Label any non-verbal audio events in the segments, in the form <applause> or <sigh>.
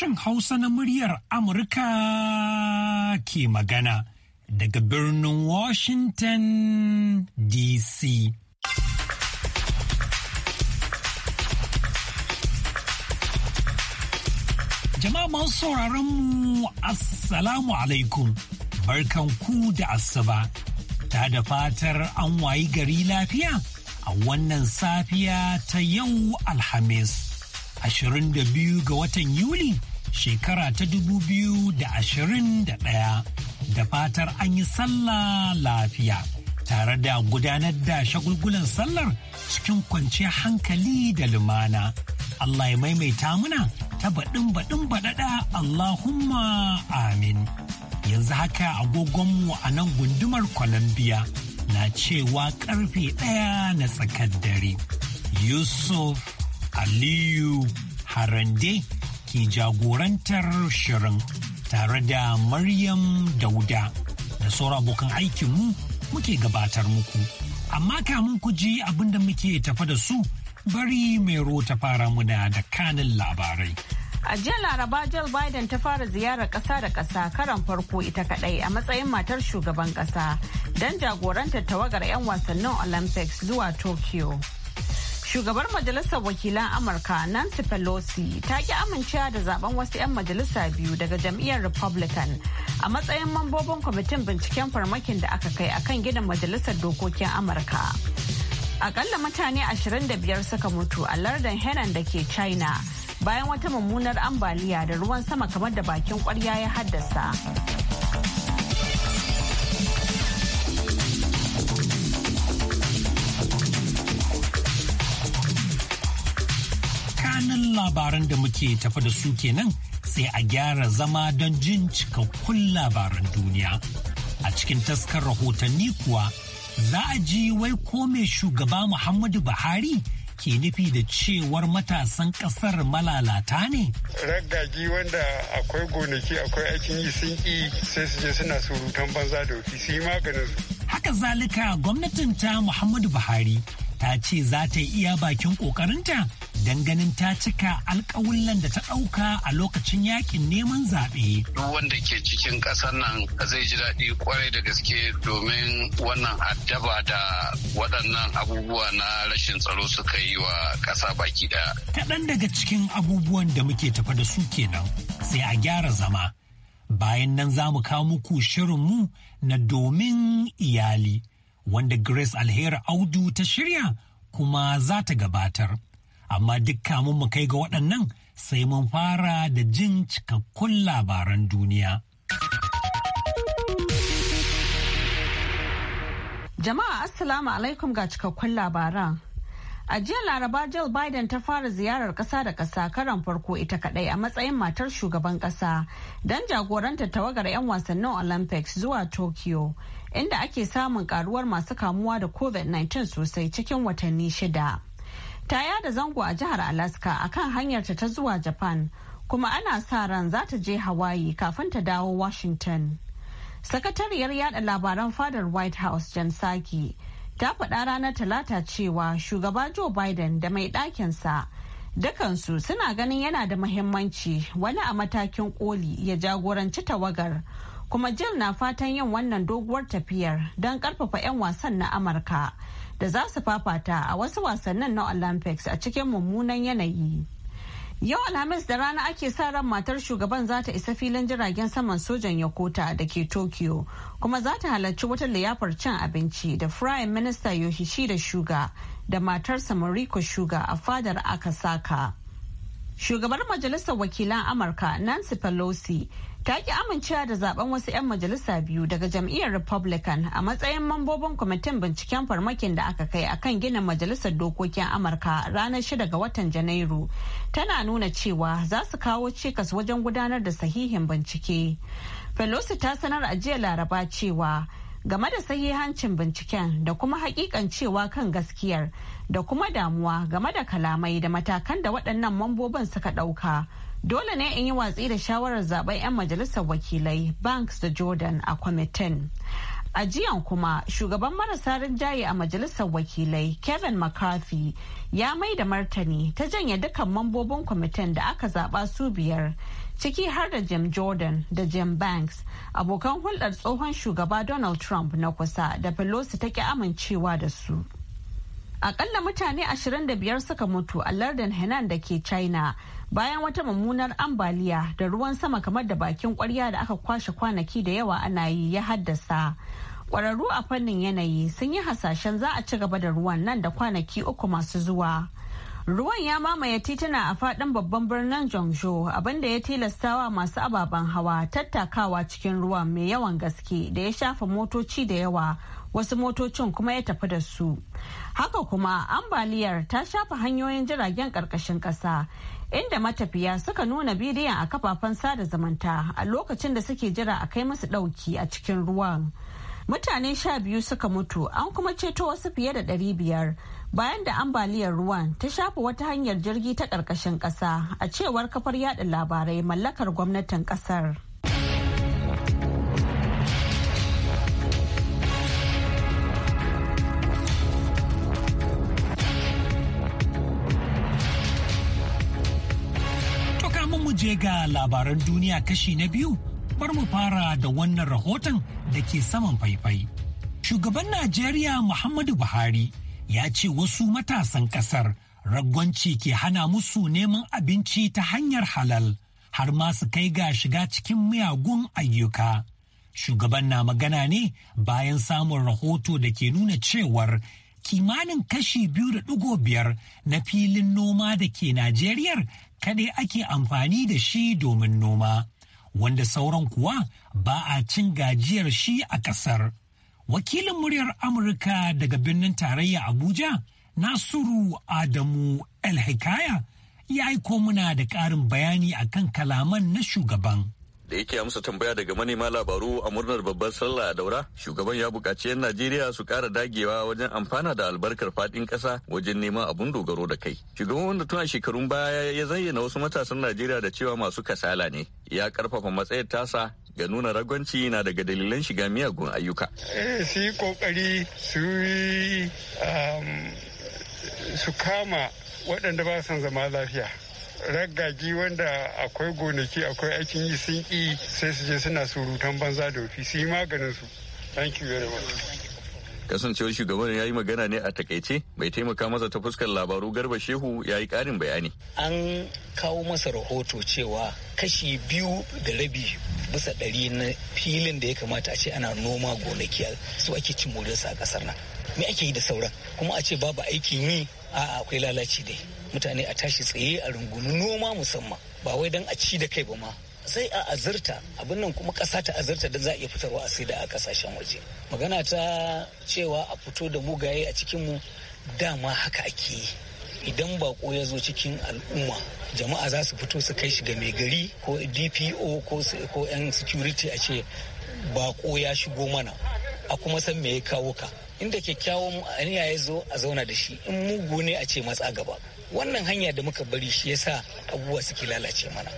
sashen Hausa na muryar Amurka ke magana daga birnin Washington DC. Jama'a masu sauraron mu Assalamu alaikum, barkan ku da asuba, ta da fatar an wayi gari lafiya a wannan safiya ta yau Alhamis. 22 ga watan Yuli shekara ta dubu biyu da ashirin da ɗaya da fatar an yi sallah lafiya tare da gudanar da shagulgulan sallar cikin kwanciyar hankali da lumana. Allah ya maimaita muna ta baɗin baɗin baɗaɗa Allahumma amin. Yanzu haka agogonmu a nan gundumar Colombia na cewa karfe ɗaya na tsakar dare. Yusuf Aliyu Harande ke jagorantar shirin tare da Maryam Dauda da sauran abokan aikinmu muke gabatar muku. Amma kamun ku ji abin muke tafa da su bari mai ta fara muna da kanin labarai. A jiya Laraba Jill Biden ta fara ziyarar ƙasa da ƙasa karan farko ita kaɗai a matsayin matar shugaban ƙasa don jagorantar tawagar 'yan wasannin Olympics zuwa Tokyo. Shugabar Majalisar Wakilan Amurka Nancy Pelosi ta ki amincewa da zaben wasu 'yan majalisa biyu daga jam'iyyar Republican a matsayin mambobin kwamitin binciken farmakin da aka kai akan gidan Majalisar Dokokin Amurka. Akalla mutane 25 suka mutu a lardin Henan da ke China bayan wata mummunar ambaliya da ruwan sama kamar da bakin kwarya ya haddasa. labaran da muke tafa da su kenan sai a gyara zama don jin cikakkun labaran duniya. A cikin taskar rahotanni kuwa za a ji wai ko mai shugaba Muhammadu Buhari ke nufi da cewar matasan kasar malalata ne? Raggagi wanda akwai gonaki akwai aikin yi sun ƙi sai su je suna surutan banza da ofisi maganin su. Haka zalika gwamnatin ta Muhammadu Buhari ta ce za ta yi iya bakin ƙoƙarinta don ganin ta cika alkawulan da ta ɗauka a lokacin yakin neman zaɓe. Duk wanda ke cikin ƙasar nan zai ji daɗi kwarai da gaske domin wannan addaba da waɗannan abubuwa na rashin tsaro suka yi wa ƙasa baki ɗaya. Kaɗan daga cikin abubuwan da muke tafa da su kenan sai a gyara zama. Bayan nan za mu kawo muku shirinmu na domin iyali. wanda Grace Alheri Audu ta shirya kuma za ta gabatar. Amma duk kamun mu kai ga waɗannan sai mun fara da jin cikakkun labaran duniya. Jama'a Assalamu alaikum ga cikakkun labaran. A jiya Laraba Jill Biden ta fara ziyarar ƙasa da ƙasa karan farko ita kaɗai a matsayin matar shugaban ƙasa don jagoranta tawagar 'yan wasannin Olympics zuwa Tokyo inda ake samun karuwar masu kamuwa da covid-19 sosai cikin watanni shida ta yada zango a jihar alaska a kan hanyarta ta zuwa japan kuma ana sa ran za ta je hawaii kafin ta dawo washington sakatariyar yada labaran fadar white house jan saki ta faɗa ranar talata cewa shugaba joe biden da mai ɗakinsa dukansu suna ganin yana da muhimmanci wani a matakin koli ya jagoranci tawagar kuma jill na fatan yin wannan doguwar tafiyar don karfafa 'yan wasan na amurka da za su fafata a wasu wasannin na olympics a cikin mummunan yanayi yau alhamis da rana ake sa ran matar shugaban za ta isa filin jiragen saman sojan yakota da ke tokyo kuma za ta halarci wata liyafar cin abinci da prime minister yoshishida shuga da matarsa mariko shuga a fadar akasaka shugabar majalisar wakilan amurka nancy pelosi ta ki amincewa da zaben wasu 'yan majalisa biyu daga jam'iyyar republican a matsayin mambobin kwamitin binciken farmakin da aka kai akan ginin majalisar dokokin amurka ranar 6 ga watan janairu tana nuna cewa za su kawo cikas wajen gudanar da sahihin bincike pelosi ta sanar a jiya laraba cewa game da sahihancin binciken da kuma hakikan cewa kan gaskiyar da kuma damuwa game da kalamai da matakan da waɗannan mambobin suka ɗauka Dole ne in yi watsi da shawarar zaben 'yan majalisar wakilai Banks da Jordan a kwamitin. A jiyan kuma shugaban marasa rinjaye a majalisar wakilai Kevin McCarthy ya mai da martani ta janye dukkan mambobin kwamitin da aka zaba su biyar ciki har da Jim Jordan da Jim Banks abokan hulɗar tsohon shugaba Donald Trump na kusa da Pelosi ta ki amincewa da su. Akalla mutane 25 suka mutu a lardin Henan da ke China bayan wata mummunar ambaliya da ruwan sama kamar da bakin kwarya da aka kwashe kwanaki da yawa ana yi ya haddasa. Kwararru a fannin yanayi sun yi hasashen za a ci gaba da ruwan nan da kwanaki uku masu zuwa. Ruwan ya mamaye tituna a fadin babban birnin Jongjo abinda ya tilastawa masu ababen hawa tattakawa cikin ruwan mai yawan gaske da ya shafa motoci da yawa wasu motocin kuma ya tafi da su haka kuma ambaliyar ta shafa hanyoyin jiragen ƙarƙashin ƙasa inda matafiya suka nuna bidiyon a kafafen sada zumunta a lokacin da suke jira a kai musu ɗauki a cikin ruwan mutane sha biyu suka mutu an kuma ceto wasu fiye da ɗari biyar bayan da ambaliyar ruwan ta shafa wata hanyar jirgi ta ƙarƙashin ƙasa a cewar kafar yada labarai mallakar gwamnatin ƙasar. je ga labaran duniya kashi na biyu, bar mu fara da wannan rahoton da ke saman faifai. Shugaban Najeriya Muhammadu Buhari ya ce wasu matasan kasar ragwanci ke hana musu neman abinci ta hanyar halal har ma su kai ga shiga cikin miyagun ayyuka. Shugaban na magana ne bayan samun rahoto da ke nuna cewar kimanin kashi biyu da dugo biyar na filin noma da ke Najeriyar kaɗai ake amfani da shi domin noma, wanda sauran kuwa ba a cin gajiyar shi a ƙasar. Wakilin muryar Amurka daga birnin tarayya Abuja, Nasiru Adamu El Hikaya, ya aiko muna da ƙarin bayani akan kalaman na shugaban. da yake amsa tambaya daga manema labaru a murnar babbar sallah a daura shugaban ya bukaci 'yan najeriya su kara dagewa wajen amfana da albarkar faɗin kasa wajen neman abun dogaro da kai shugaban wanda tuna shekarun baya ya zayyana wasu matasan najeriya da cewa masu kasala ne ya karfafa matsayar tasa ga nuna ragwanci na daga dalilan shiga miyagun ayyuka. Eh, su yi kokari um, su kama waɗanda ba son zama lafiya. ragagi wanda akwai gonaki akwai aikin yi sun ƙi sai su je suna surutan banza da ofi su yi maganin su thank you very much kasancewar shugaban ya yi magana ne a takaice bai taimaka masa ta fuskar labaru garba shehu ya yi karin bayani an kawo masa rahoto cewa kashi biyu da rabi bisa ɗari na filin da ya kamata a ce ana noma gonaki su ake cin moriyarsa a ƙasar nan me ake yi da sauran kuma a ce babu aikin yi a akwai lalaci dai mutane a tashi tsaye a rungunu noma musamman ba wai don a ci da kai ba ma sai a azurta abin nan kuma ƙasa ta azurta don za a iya fitarwa a saida a ƙasashen waje magana ta cewa a fito da mugaye a cikinmu dama haka ake yi idan bako ya zo cikin al'umma jama'a za su fito su kai shi ga mai gari ko dpo ko 'yan security a ce bako ya shigo mana a kuma san me ya kawo ka inda kyakkyawan aniya ya zo a zauna da shi in mugu ne a ce matsa gaba wannan hanya da muka bari shi yasa abubuwa suke lalace mana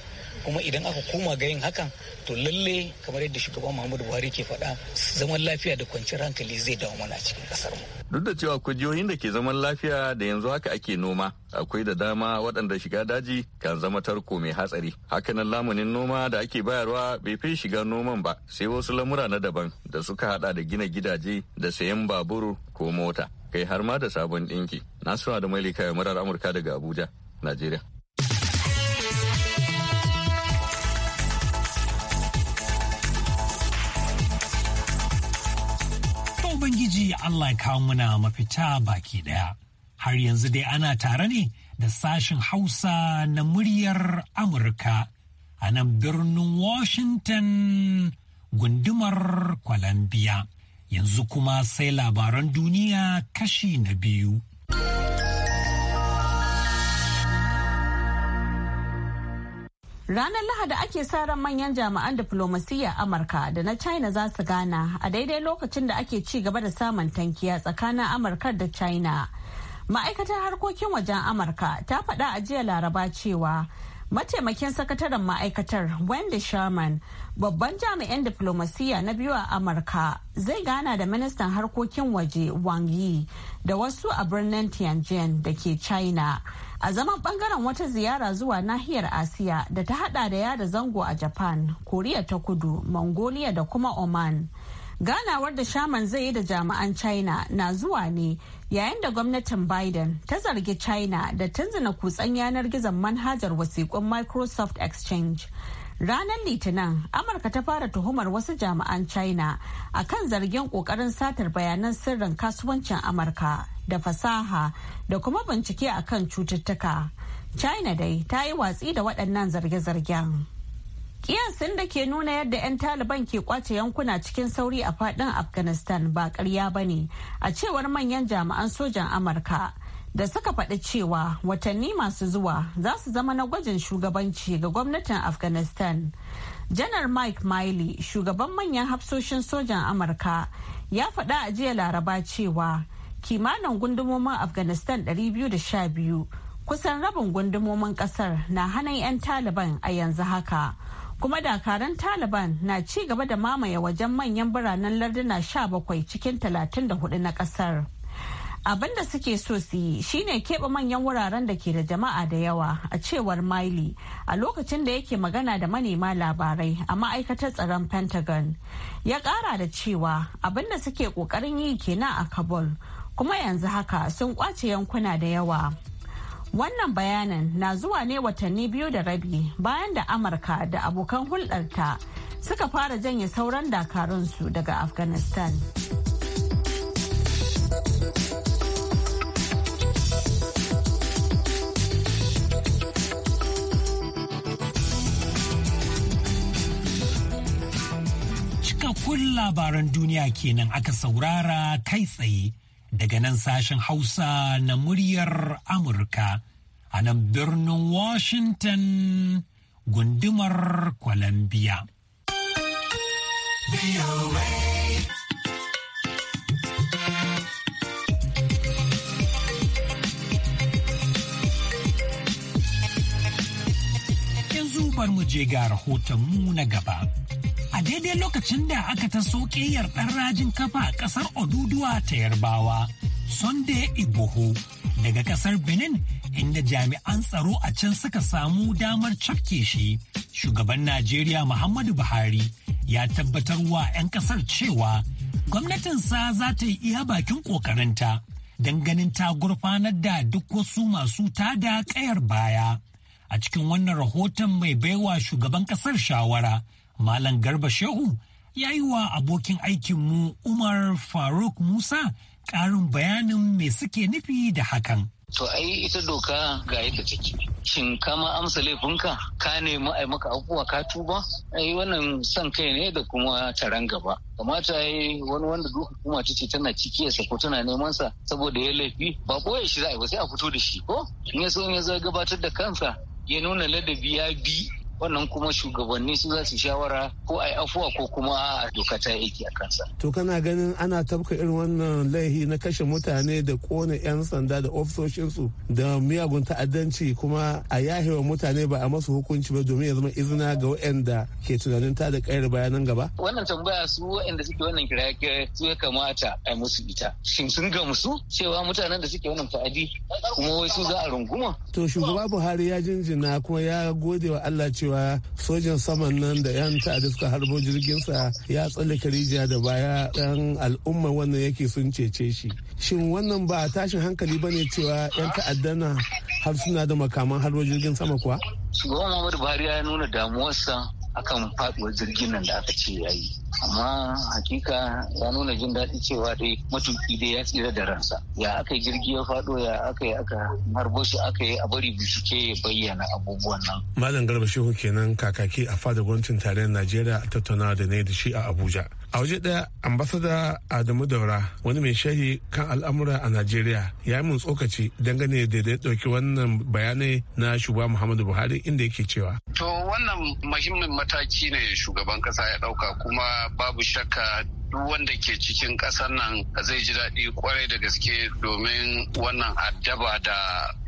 kuma idan aka koma ga yin hakan to lalle kamar yadda shugaban muhammadu buhari ke faɗa zaman lafiya da kwanciyar hankali zai dawo mana cikin kasar mu duk da cewa kujiyoyin da ke zaman lafiya da yanzu haka ake noma akwai da dama waɗanda shiga daji kan zama tarko mai hatsari hakanan lamunin noma da ake bayarwa bai fi shiga noman ba sai wasu lamura na daban da suka hada da gina gidaje da sayan babur ko mota kai har ma da sabon ɗinki. suna da Malika ya murar Amurka daga Abuja, Najeriya. Ubangiji Allah ya kawo muna mafita baki ɗaya. Har yanzu dai ana tare ne da sashin Hausa na muryar Amurka a nan birnin Washington gundumar Columbia. yanzu kuma sai labaran duniya kashi na biyu. Ranar Lahadi ake sa ran manyan jami'an diflomasiyya Amurka da na China za su gana a daidai lokacin da ake ci gaba da samun tankiya tsakanin Amurka da China. Ma'aikatar harkokin wajen Amurka ta faɗa a jiya Laraba cewa mataimakin sakataren ma'aikatar wendy sherman babban jami'in diflomasiyya na biyu a amurka zai gana da ministan harkokin waje wang yi da wasu a birnin tianjin da ke china a zaman bangaren wata ziyara zuwa nahiyar asiya da ta hada da yada zango a japan koriya ta kudu mongolia da kuma oman ganawar da shaman zai yi da jami'an china na zuwa ne yayin da gwamnatin biden ta zargi china da tanzana kutsen yanar gizon manhajar wasiƙun microsoft exchange ranar litinin amurka ta fara tuhumar wasu jami'an china a kan zargin ƙoƙarin satar bayanan sirrin kasuwancin amurka da fasaha da kuma bincike a kan cututtuka china dai ta yi watsi da waɗannan zarge-zargen Kiyasin da ke nuna yadda 'yan Taliban ke kwace yankuna cikin sauri a fadin Afghanistan ba karya ba ne, a cewar manyan jami'an sojan Amurka da suka faɗi cewa watanni masu zuwa za su zama na gwajin shugabanci ga gwamnatin Afghanistan. Janar Mike Miley, shugaban manyan hafsoshin sojan Amurka, ya faɗa a jiya Laraba cewa kimanin gundumomin Afghanistan 212 kusan rabin gundumomin ƙasar na hannun 'yan Taliban a yanzu haka. kuma dakaran taliban na ci gaba da mamaye wajen manyan biranen larduna 17 cikin 34 na kasar abin da suke so su yi shine keɓe manyan wuraren da ke da jama'a da yawa a cewar miley a lokacin da yake magana da manema labarai a ma'aikatar tsaron pentagon ya ƙara da cewa abin da suke ƙoƙarin yi kenan a kabul kuma yanzu haka sun ƙwace yankuna da yawa Wannan bayanan na zuwa ne watanni biyu da rabi bayan da Amurka da abokan hulɗarta suka fara janye sauran dakarun su daga Afghanistan. cikakkun labaran duniya kenan aka saurara kai tsaye daga nan sashen Hausa na muryar Amurka a nan birnin Washington gundumar Columbia. Yanzu bar mu je ga rahotonmu na gaba. daidai lokacin da aka ta so ɗan rajin kafa a ƙasar Oduduwa ta Yarbawa, Sunday Igboho daga ƙasar Benin inda jami'an tsaro a can suka samu damar cafke shi. Shugaban Najeriya Muhammadu Buhari ya tabbatar wa 'yan ƙasar cewa gwamnatinsa za ta yi iya bakin ƙoƙarinta don ganin ta gurfanar da duk wasu masu tada ƙayar baya. A cikin wannan rahoton mai baiwa shugaban ƙasar shawara. Malam Garba Shehu ya yi wa abokin aikinmu Umar Faruk Musa ƙarin bayanin me suke nufi da hakan. To ai ita doka ga yadda take. Shin ka amsa laifinka? Ka nemi ai maka abubuwa ka tuba? Ai wannan son kai ne da kuma taron gaba. Kamata ai wani wanda duk hukuma ta ce tana ciki ya ko tana neman sa saboda ya laifi ba boye shi za a yi ba sai a fito da shi ko? In ya so in ya gabatar da kansa ya nuna ladabi ya bi wannan kuma shugabanni su za su shawara ko a yi afuwa ko kuma a doka ta aiki a kansa. To kana ganin ana tabka irin wannan laihi na kashe mutane da kona 'yan sanda da ofisoshinsu da miyagun ta'addanci kuma a yahewa mutane ba a masu hukunci ba domin ya zama izina ga waɗanda ke tunanin ta da kayar bayanan gaba? Wannan tambaya su waɗanda suke wannan kira su ya kamata a musu ita. Shin sun gamsu cewa mutanen da suke wannan ta'adi kuma wai su za a runguma? To shugaba Buhari ya jinjina kuma ya gode wa Allah cewa cewa sojan saman nan da 'yan ta'adda suka harbo sa ya tsallake rijiya da baya ɗan al'umma wannan yake sun cece shi shin wannan ba tashin hankali ba ne cewa 'yan ta'adda na har suna da makaman harbo jirgin sama kuwa? shugaban muhammadu buhari ya nuna damuwarsa akan faduwar jirgin nan da aka ce ya yi amma hakika ya nuna jin daɗi cewa dai matuƙi dai ya tsira da ransa ya aka yi jirgi ya faɗo ya aka yi aka harbo shi aka yi a bari bincike ya bayyana abubuwan nan. malam garba shehu kenan kakaki a fadar gwamnatin tarayyar najeriya tattauna da na da shi a abuja a waje daya ambasada adamu daura wani mai shahi kan al'amura a najeriya ya yi mun tsokaci dangane da ya ɗauki wannan bayanai na shugaba muhammadu buhari inda yake cewa to wannan muhimmin mataki ne shugaban ƙasa ya ɗauka kuma babu shakka duk wanda ke cikin ƙasar nan zai ji daɗi kwarai da gaske domin wannan addaba da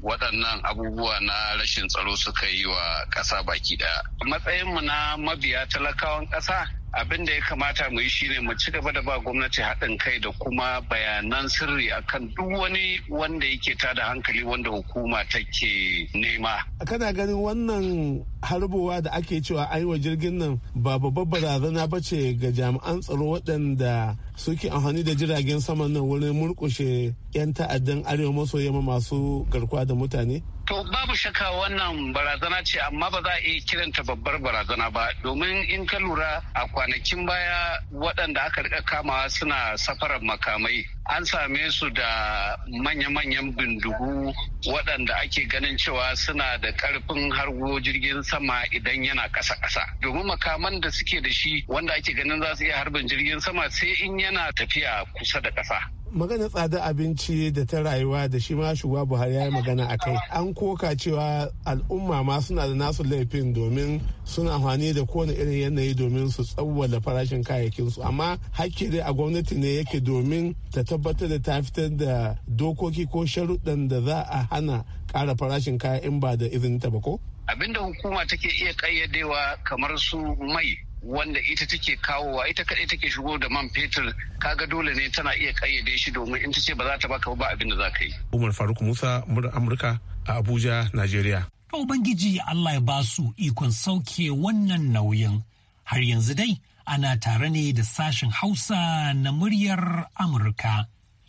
waɗannan abubuwa na rashin tsaro suka yi wa ƙasa baki ɗaya matsayinmu na mabiya talakawan ƙasa abin da ya kamata mu yi shine mu ci gaba da ba gwamnati haɗin kai da kuma bayanan sirri akan duk wani wanda yake tada hankali wanda hukuma take nema kana ganin wannan harbowa da ake cewa an yi wa jirgin nan ba babbar barazana ba ce ga jami'an tsaro waɗanda suke amfani da jiragen saman nan wurin murkushe 'yan ta'addan arewa maso yamma masu garkuwa da mutane? To babu shaka wannan barazana ce amma ba za a iya kiranta babbar barazana ba domin in ka lura a kwanakin baya waɗanda aka rika kamawa suna safarar makamai an same su da manya-manyan bindigu waɗanda ake ganin cewa suna da ƙarfin hargo jirgin sama idan yana ƙasa-ƙasa domin makaman da suke da shi wanda ake ganin za su iya harbin jirgin sama sai in yana tafiya kusa da ƙasa magana tsada abinci da ta rayuwa da shi ma shugaba buhari ya yi magana a kai an koka cewa al'umma ma suna da nasu laifin domin suna amfani da kowane irin yanayi domin su tsawwala farashin kayayyakin su. amma hakki dai a gwamnati ne yake domin ta tabbatar da ta fitar da dokoki ko sharuɗan da za a hana ƙara farashin kaya in ba da izinin ta ba ko abinda hukuma take iya kayyadewa kamar su mai wanda ita take kawowa ita kaɗai take shigo da man fetur kaga dole ne tana iya kayyade shi domin in ta ce ba za ta baka ba abin da za ka yi. Umar Faruk Musa mura Amurka a Abuja, Najeriya. Ubangiji Allah ya ba su ikon sauke wannan nauyin. Har yanzu dai ana tare ne da sashen Hausa na muryar Amurka.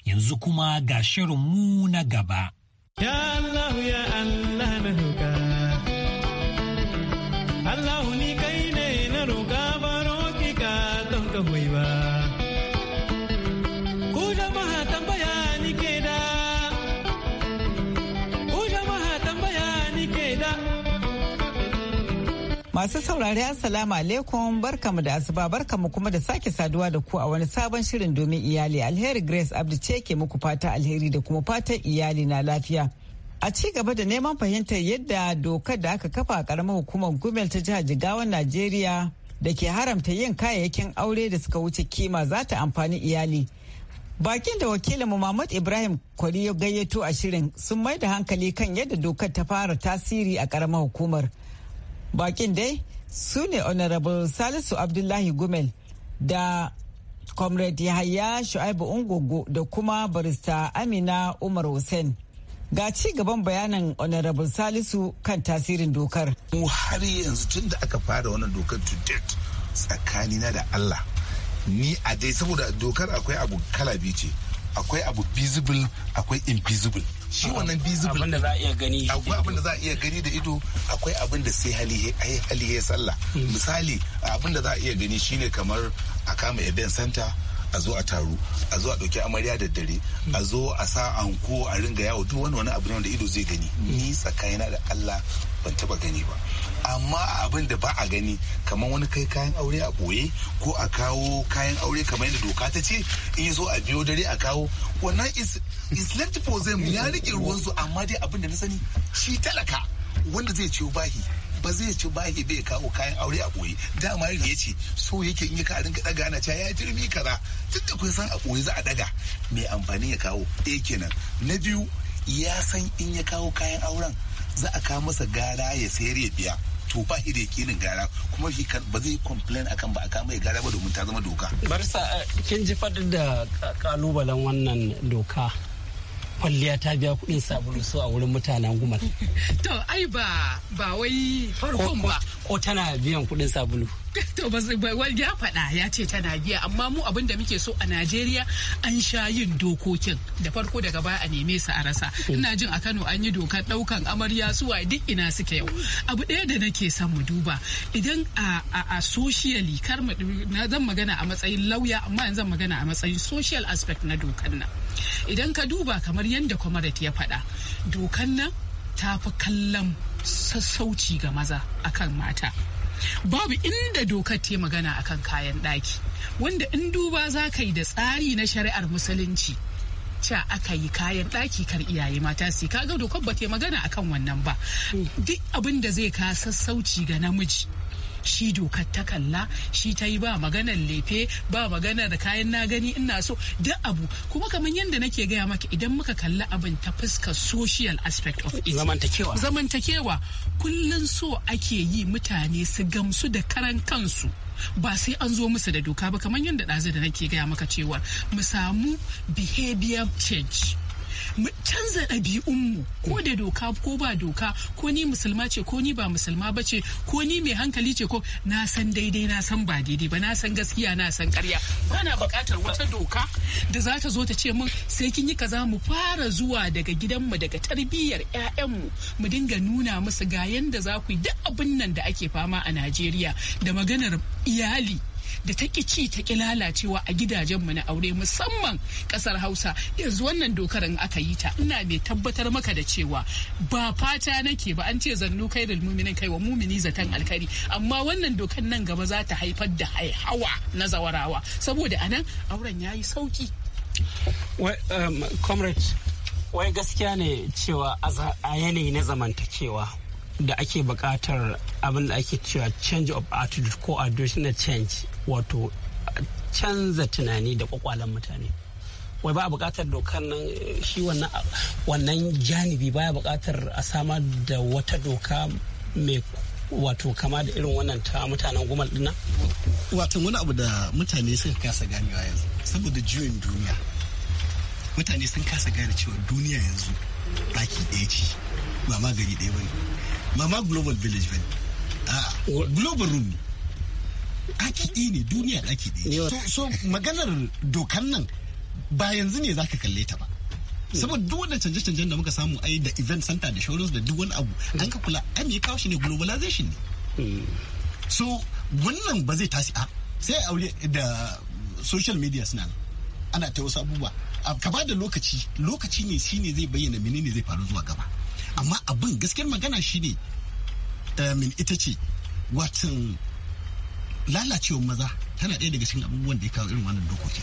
Yanzu kuma ga shirinmu na gaba. Ya ya Allah na Allah ni Masu saurari Assalamu alaikum barkamu da asuba barkamu kuma da sake saduwa da ku a wani sabon shirin domin iyali alheri Grace abdu ce ke muku fata alheri da kuma fatan iyali na lafiya. A ci gaba da neman fahimtar yadda dokar da aka kafa a karamar hukumar Gumel ta jihar Jigawan Najeriya da ke haramta yin kayayyakin aure da suka wuce kima za ta amfani iyali. Bakin da wakilin Muhammad Ibrahim Kwari ya gayyato a shirin sun mai da hankali kan yadda dokar ta fara tasiri a ƙaramar hukumar. Bakin dai su ne Honorable Salisu Abdullahi Gumel da Comrade Yahaya Shu'aibu Ungogo da kuma barista Amina Umar Hussein. Ga ci gaban bayanin Honorable Salisu kan tasirin dokar. Mu har yanzu tun da aka fara wannan dokar to date tsakanina da Allah. ni a dai saboda dokar akwai abu kala biyu ce akwai abu visible akwai invisible shi ah, wannan visible abinda za a iya gani akwai abinda za a iya gani da ido akwai abin da sai hali ya sallah hmm. misali abinda za a iya gani shine kamar a kama event center a zo a taru a zo a ɗauki amarya da dare a zo a sa anko a ringa yawo duk wani wani abu da ido zai gani ni tsakanina da Allah ban taba gani ba amma a abin da ba a gani kamar wani kai kayan aure a ɓoye ko a kawo kayan aure kamar yadda doka ta ce in so a biyo dare a kawo wannan for them ya rike ruwansu amma dai abin da na sani shi talaka wanda zai ciwo bahi ba zai ci bahi bai kawo kayan aure a ɓoye dama ya ce so yake in yi ka rinka daga ana cewa ya jirmi kaza duk da kun san a ɓoye za a daga mai amfani ya kawo e kenan na biyu ya san in ya kawo kayan auren za a kawo masa gara ya sayar ya biya to ba shi da yakinin gara kuma shi ba zai complain akan ba a kama ya gara ba domin ta zama doka. barsa kin ji faɗi da ƙalubalen wannan doka kwalliya ta biya kuɗin sabulu so a wurin mutanen gumar. To ai ba ba wai farkon ba. Ko tana biyan kuɗin sabulu. <laughs> To ba ya faɗa ya ce tana biya amma mu abin da muke so a Najeriya an sha yin dokokin da farko daga baya a neme su a rasa. Hmm. Ina jin a Kano an yi dokar ɗaukan amarya suwa duk ina suke yau. Abu ɗaya da nake son mu duba idan a socially kar na zan magana a matsayin lauya amma yanzu magana a matsayin social aspect na dokar nan. idan ka duba kamar yadda kwamarat ya faɗa dokan nan ta fi kallon sassauci ga maza akan mata babu inda dokar ta magana akan kayan ɗaki wanda in duba za ka yi da tsari na shari'ar musulunci ca aka yi kayan ɗaki kar iyaye mata su kaga dokar ba ta magana akan wannan ba mm. duk abin da zai ka sassauci ga namiji shi dokar ta kalla shi ta yi ba maganar lefe ba maganar da kayan na gani ina so duk abu kuma kamar yadda nake gaya maka idan muka kalla abin ta fuskar social aspect of it zamantakewa zamantakewa kullun so ake yi mutane su gamsu da karan kansu ba sai an zo musu da doka ba kamar yadda ɗazu da nake gaya maka cewa mu samu behavior change mu canza ɗabi'unmu ko da doka ko ba doka ko ni musulma ce ko ni ba musulma ba ce ko ni mai hankali ce ko na san daidai na san ba daidai ba na san gaskiya na san karya ba na buƙatar wata doka da za ta zo ta ce min sai kin yi kaza mu fara zuwa daga gidanmu daga tarbiyyar ƴaƴanmu mu dinga nuna musu ga yanda za ku yi duk abin nan da ake fama a Najeriya da maganar iyali da ta ci ta ki lalacewa a gidajenmu na aure musamman kasar hausa yanzu wannan dokar in aka yi ta ina mai tabbatar maka da cewa ba fata nake ba an ce zannu kai da muminin kai wa mumini zaton alkari amma wannan dokar nan gaba za ta haifar da haihawa na zawarawa saboda anan auren ya yi sauki um, comrade wai gaskiya ne cewa a yanayi na zamantakewa da ake bukatar abin da ake cewa change of attitude ko additional change wato canza tunani da kwakwalen mutane wai ba a bukatar dokar nan shi wannan janibi a bukatar a samar da wata doka mai wato kama da irin wannan ta mutanen gumal dina. wato wani abu da mutane suka kasa ganewa yanzu saboda juyin duniya mutane sun kasa gane cewa duniya yanzu ɗaki ɗaya ce ba ma gari ɗaya ba ne Mama global village ba ah, ne global room akiɗi ne duniya akiɗi so maganar dokan nan ba yanzu ne zaka kalle ta ba hmm. saboda duk wanda canje-canjen da muka samu ai da event center da showrooms da duk wani abu hmm. an ka kula an yi kawo shi ne globalization ne hmm. so wannan ba zai tasi a sai aure da social media suna nan ana ta wasu abubuwa ka ba da lokaci lokaci ne shine zai bayyana menene zai faru zuwa gaba amma abin gaskiyar magana shine min um, ita ce watan lalacewar maza tana ɗaya daga cikin abubuwan da ya kawo irin wannan dokoki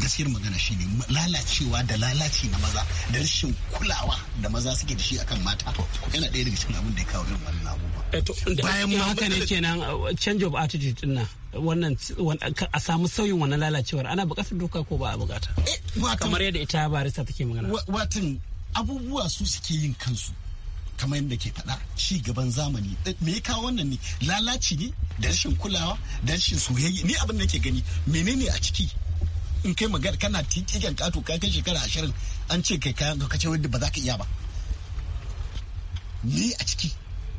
gaskiyar magana shine lalacewa da lalaci na maza da rashin kulawa da maza suke da shi akan mata yana ɗaya daga cikin abin da ya kawo irin wannan abubuwa eh, bayan ma haka ne kenan uh, change of attitude din wannan a samu sauyin wannan lalacewar ana bukatar doka ko ba a bukata eh, kamar yadda ita barista take magana watan abubuwa su suke yin kansu kamar yadda ke faɗa ci gaban zamani eh, me ya kawo wannan ne lalaci ne da rashin kulawa da rashin soyayya ni abin da ke gani menene a ciki in kai magana kana tikin kato kai kai shekara ashirin an ce kai kayan ka ce wanda ba za ka iya ba Ni a ciki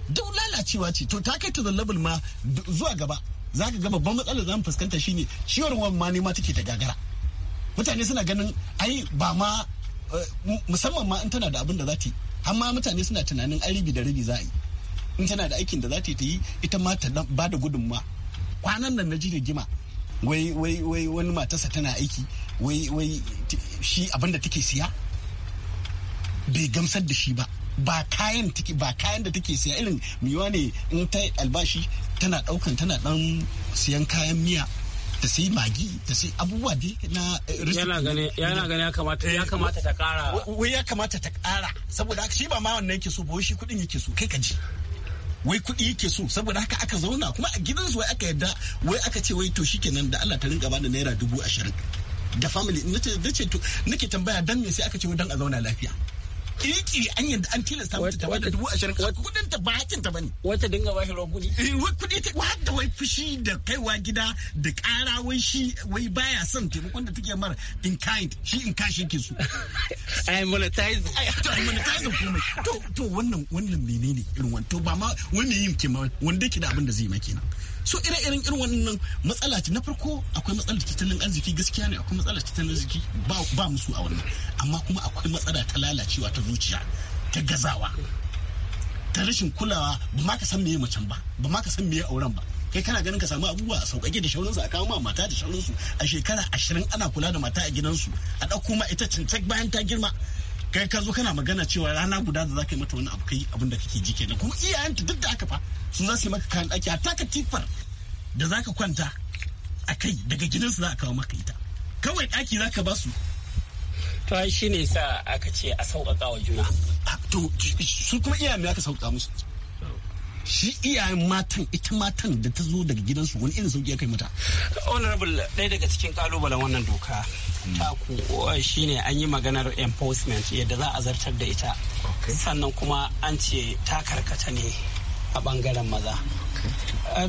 duk lalacewa ce to ta kai to the level ma zuwa gaba za ka ga babban matsalar zamu fuskanta shine ciwon ma ne ma take ta gagara mutane suna ganin ai ba ma musamman ma in tana da abin da za ta yi amma mutane suna tunanin ai da rabi za a yi in tana da aikin da za ta yi ita ma ta ba da gudunmawa. kwanan nan na ji rigima wai wai wai wani matarsa tana aiki wai wai shi abin da take siya bai gamsar da shi ba ba kayan take ba kayan da take siya irin miwa ne in ta albashi tana daukan tana dan siyan kayan miya ta sai magi ta sai abubuwa dai na eh, yana gani yana gani ya kamata ya kamata ta kara wai ya kamata ta kara saboda shi ba ma wannan yake so ba shi kudin yake so kai ka ji wai kudi yake so saboda haka aka zauna kuma a gidansu wai aka yadda wai aka ce wai to shikenan da Allah ta rinka bani naira dubu ashirin da family nace to nake tambaya dan me sai aka ce wai dan a zauna lafiya kirkiri an yadda an tilasta mata ta bada dubu ashirin kudin ta ba hakin ta bane wata dinga ba shi ruwan kudi eh, wai kudi ta wa da wai fushi da kaiwa gida da kara wai shi wai baya son taimakon da take mara in kind shi in kashi ke su ai monetize to ai monetize komai to to wannan wannan menene irin wannan to ba ma wani yin ke ma wanda ke da abin da zai yi kenan so ire irin irin wannan matsala ce na farko akwai matsalar tattalin arziki gaskiya ne akwai matsalar tattalin arziki ba musu a wannan amma kuma akwai matsala ta lalacewa ta zuciya ta gazawa ta rashin kulawa ba ma ka san meye macen ba ba ma ka san meye auren ba kai kana ganin ka samu abubuwa a sauƙaƙe da shaurinsu a kawo ma mata da shaurinsu a shekara ashirin ana kula da mata a gidansu a ɗauko ma ita cincak bayan ta girma kai ka zo kana magana cewa rana guda da zaka yi mata wani abu kai abin da kake ji kenan kuma iyayenta duk da aka fa su za su yi maka kayan ɗaki a taka tifar da zaka kwanta a kai daga gidansu za a kawo maka ita kawai ɗaki za ka ba su to shi ne sa aka ce a sauƙaƙa wa juna ah, to su kuma iyayen aka sauƙaƙa musu shi iyayen matan ita matan da ta zo daga gidansu wani irin sauƙi ya kai mata honorable ɗaya daga cikin ƙalubalen wannan doka taku shine an yi maganar enforcement yadda za a zartar da ita sannan kuma an ce ta karkata ne a bangaren maza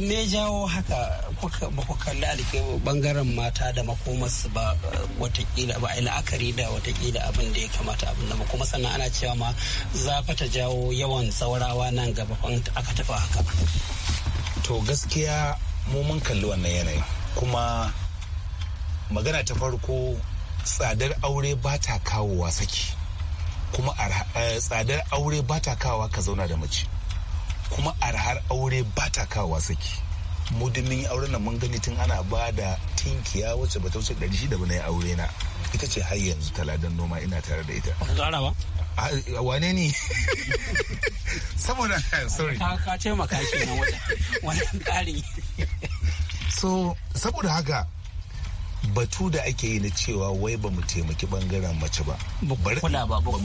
me jawo haka ba ku kalli alike bangaren mata da makomarsu ba watakila ba a yi la'akari da watakila abin da ya kamata abin da makoma sannan ana cewa ma za ta jawo yawan saurawa nan gaba aka tafa haka to gaskiya mu mun kalli wannan yanayi kuma magana ta farko tsadar aure ba ta kawowa saki kuma eh, tsadar aure ba ta kawowa ka zauna da mace kuma arhar aure ba ta kawowa saki mudumin auren nan mun gani tun ana ba da tinkiya wacce ba ta wuce ɗari shida ba na aure na ita ce har yanzu taladan noma ina tare da ita. Ƙarawa? Ah, wane ne? <laughs> Saboda sorry. Ka ce shi na wajen wani ƙari. So saboda haka batu da ake yi na cewa wai ba mu taimaki bangaren mace ba ba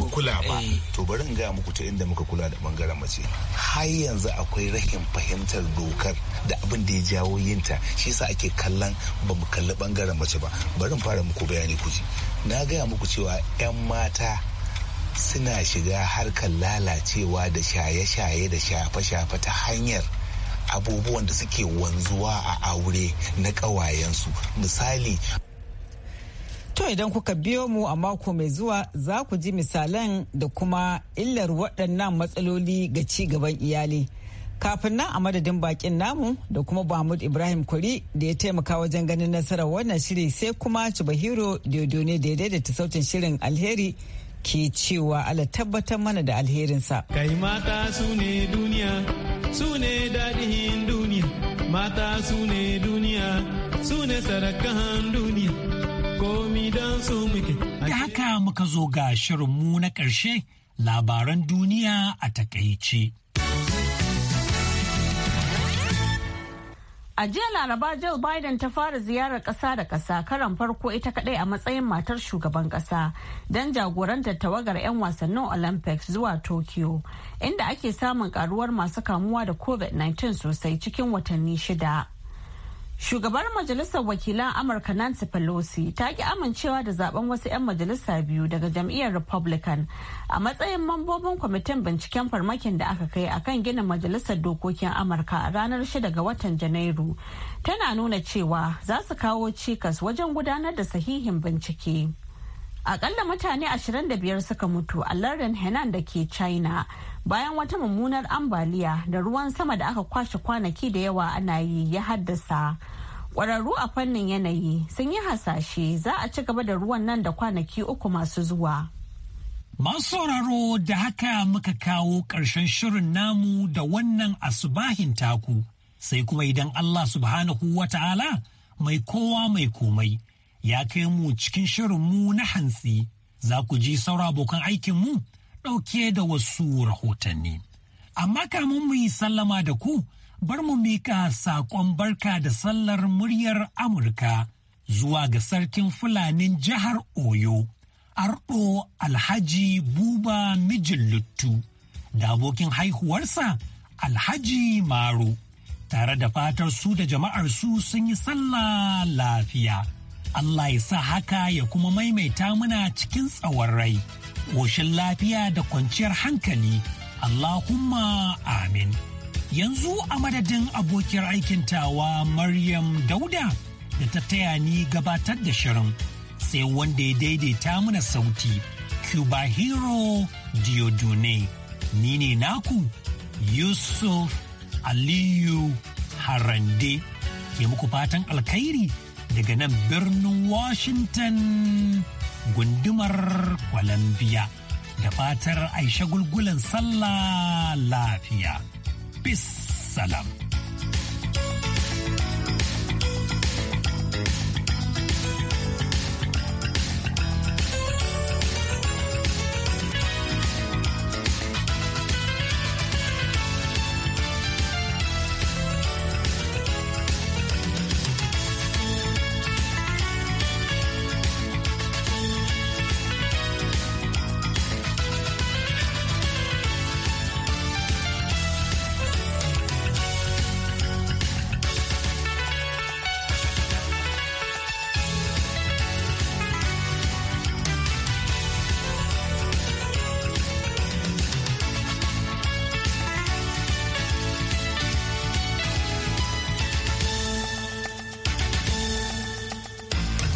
kula ba eh. to bari in gaya muku ta inda muka kula da bangaren mace har yanzu akwai rahin fahimtar dokar da abin da ya jawo yinta shi sa ake kallon ba mu kalli bangaren mace ba bari in fara muku bayani kuji na gaya muku cewa 'yan mata suna shiga harkar lalacewa da shaye-shaye da shafe-shafe ta hanyar abubuwan da suke wanzuwa a aure na ƙawayensu misali To idan kuka biyo mu a mako mai zuwa za ku ji misalan da kuma illar waɗannan matsaloli ga ci gaban iyali. Kafin nan a madadin bakin namu da kuma bamud Ibrahim Kuri da ya taimaka wajen ganin nasarar wannan shiri sai kuma cibahiro Diodone da ya daidaita sautin shirin alheri ke cewa ala tabbatar mana da alherinsa. Kai mata su ne duniya, su ne daɗin duniya, mata su ne duniya, su ne sarakan duniya, komi don su muke. Da haka muka zo ga shirinmu na ƙarshe labaran duniya a takaice. A jiya Laraba Joe Biden ta fara ziyarar ƙasa da ƙasa karan farko ita kaɗai a matsayin matar shugaban ƙasa don jagorantar tawagar 'yan wasannin Olympics zuwa Tokyo, inda ake samun karuwar masu kamuwa da COVID-19 sosai cikin watanni shida. Shugabar Majalisar Wakilan Amurka Nancy Pelosi ta ki amincewa da zaben wasu 'yan majalisa biyu daga jam'iyyar Republican a matsayin mambobin kwamitin binciken farmakin da aka kai a kan ginin Majalisar Dokokin Amurka a ranar 6 ga watan Janairu. Tana nuna cewa za su kawo cikas wajen gudanar da sahihin bincike. Aƙalla mutane 25 suka mutu a lardin Henan da ke China bayan wata mummunar ambaliya da ruwan sama da aka kwashe kwanaki da yawa ana yi ya haddasa kwararru a fannin yanayi sun yi hasashe za a ci gaba da ruwan nan da kwanaki uku masu zuwa Masu sauraro da haka muka kawo ƙarshen shirin namu da wannan asubahin taku, sai kuma idan Allah subhanahu wa ta'ala mai kowa mai komai ya kai mu cikin shirin mu na hantsi, za ku ji saura abokan aikinmu ɗauke da wasu rahotanni. Amma kamun mu yi sallama da ku, bar mu mika saƙon barka da sallar muryar Amurka zuwa ga sarkin Fulanin jihar Oyo, Arɗo Alhaji Buba Mijin Luttu, da abokin haihuwarsa Alhaji Maru, tare da fatar su da jama'ar su sun yi sallah lafiya. Allah ya sa haka ya kuma maimaita muna cikin tsawon rai. ƙoshin lafiya da kwanciyar hankali. Allahumma amin. Yanzu a madadin abokiyar aikin tawa Maryam Dauda da ta taya ni gabatar da shirin sai wanda ya daidaita mana sauti Cuba Hero Diodune. Ni ne naku Yusuf Aliyu Harande ke muku fatan alkhairi daga nan birnin Washington. gundumar kwalambiya Da fatar aisha gulgulan sallah lafiya. Bis salam.